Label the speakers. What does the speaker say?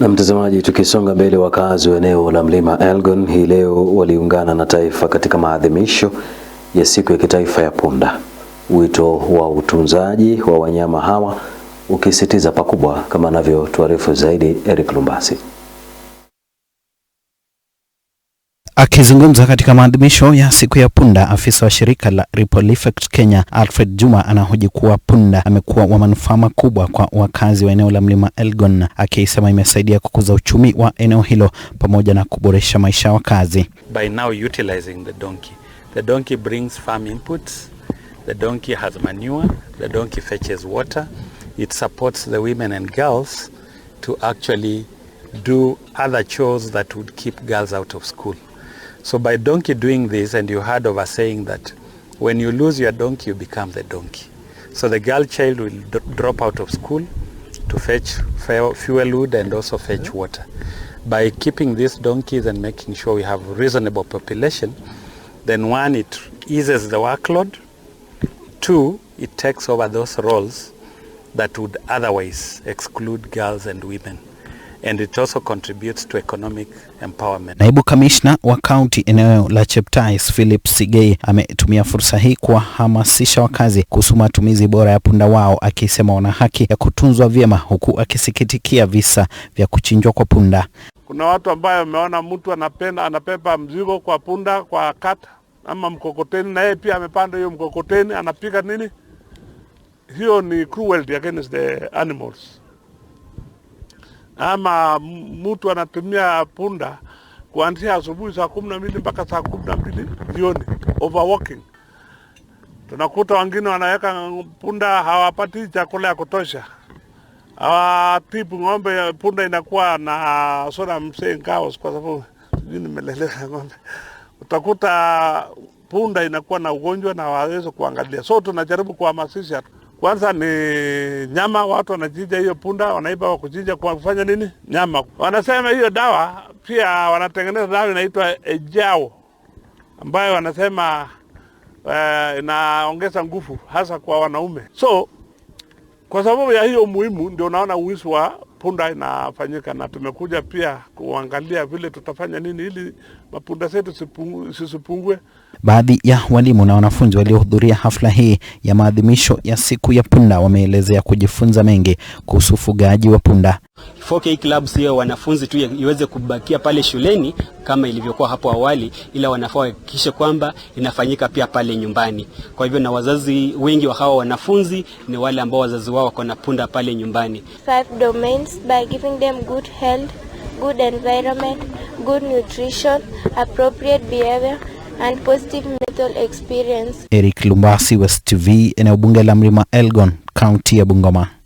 Speaker 1: Na mtazamaji, tukisonga mbele, wakazi wa eneo la mlima Elgon hii leo waliungana na taifa katika maadhimisho ya siku ya kitaifa ya punda, wito wa utunzaji wa wanyama hawa ukisitiza pakubwa, kama anavyotuarifu zaidi Eric Lumbasi.
Speaker 2: Akizungumza katika maadhimisho ya siku ya punda, afisa wa shirika la Ripple Effect Kenya Alfred Juma anahoji kuwa punda amekuwa wa manufaa makubwa kwa wakazi wa eneo la mlima Elgon, akisema imesaidia kukuza uchumi wa eneo hilo pamoja na kuboresha maisha ya wakazi.
Speaker 3: By now utilizing the donkey. The donkey brings farm inputs. The donkey has manure. The donkey fetches water. It supports the women and girls to actually do other chores that would keep girls out of school. So by donkey doing this, and you heard of saying that when you lose your donkey, you become the donkey. So the girl child will drop out of school to fetch fuel wood and also fetch water. By keeping these donkeys and making sure we have reasonable population, then one, it eases the workload. Two, it takes over those roles that would otherwise exclude girls and women. And it also contributes to economic empowerment.
Speaker 2: Naibu kamishna wa kaunti eneo la Cheptais Philip Sigei ametumia fursa hii kuwahamasisha wakazi kuhusu matumizi bora ya punda wao, akisema wana haki ya kutunzwa vyema, huku akisikitikia visa vya kuchinjwa kwa punda.
Speaker 4: Kuna watu ambayo wameona mtu anapenda anapepa mzigo kwa punda kwa kata ama mkokoteni, na yeye pia amepanda hiyo mkokoteni, anapiga nini? Hiyo ni cruelty against the animals ama mtu anatumia punda kuanzia asubuhi saa kumi na mbili mpaka saa kumi na mbili jioni, overworking. Tunakuta wengine wanaweka punda hawapati chakula ya kutosha, hawatibu ng'ombe. Punda inakuwa na sora msee ngaos, kwa sababu sijui nimelelea ng'ombe, utakuta punda inakuwa na ugonjwa na hawawezi kuangalia. So tunajaribu kuhamasisha kwanza ni nyama, watu wanachinja hiyo punda, wanaiba wa kuchinja kwa kufanya nini? Nyama. Wanasema hiyo dawa pia wanatengeneza dawa inaitwa ejao, ambayo wanasema eh, inaongeza nguvu hasa kwa wanaume. So kwa sababu ya hiyo muhimu, ndio unaona uwizi wa punda inafanyika, na tumekuja pia kuangalia vile tutafanya nini ili mapunda zetu sisipungue.
Speaker 2: Baadhi ya walimu na wanafunzi waliohudhuria hafla hii ya maadhimisho ya siku ya punda wameelezea kujifunza mengi kuhusu ufugaji wa punda.
Speaker 5: 4K Club sio wanafunzi tu iweze kubakia pale shuleni kama ilivyokuwa hapo awali, ila wanafaa wahakikishe kwamba inafanyika pia pale nyumbani. Kwa hivyo, na wazazi wengi wa hawa wanafunzi ni wale ambao wazazi wao wako na punda pale nyumbani.
Speaker 6: Five domains by giving them good health, good environment, good nutrition, appropriate behavior and positive mental experience.
Speaker 2: Eric Lumbasi, West TV, eneo bunge la Mlima Elgon, kaunti ya Bungoma.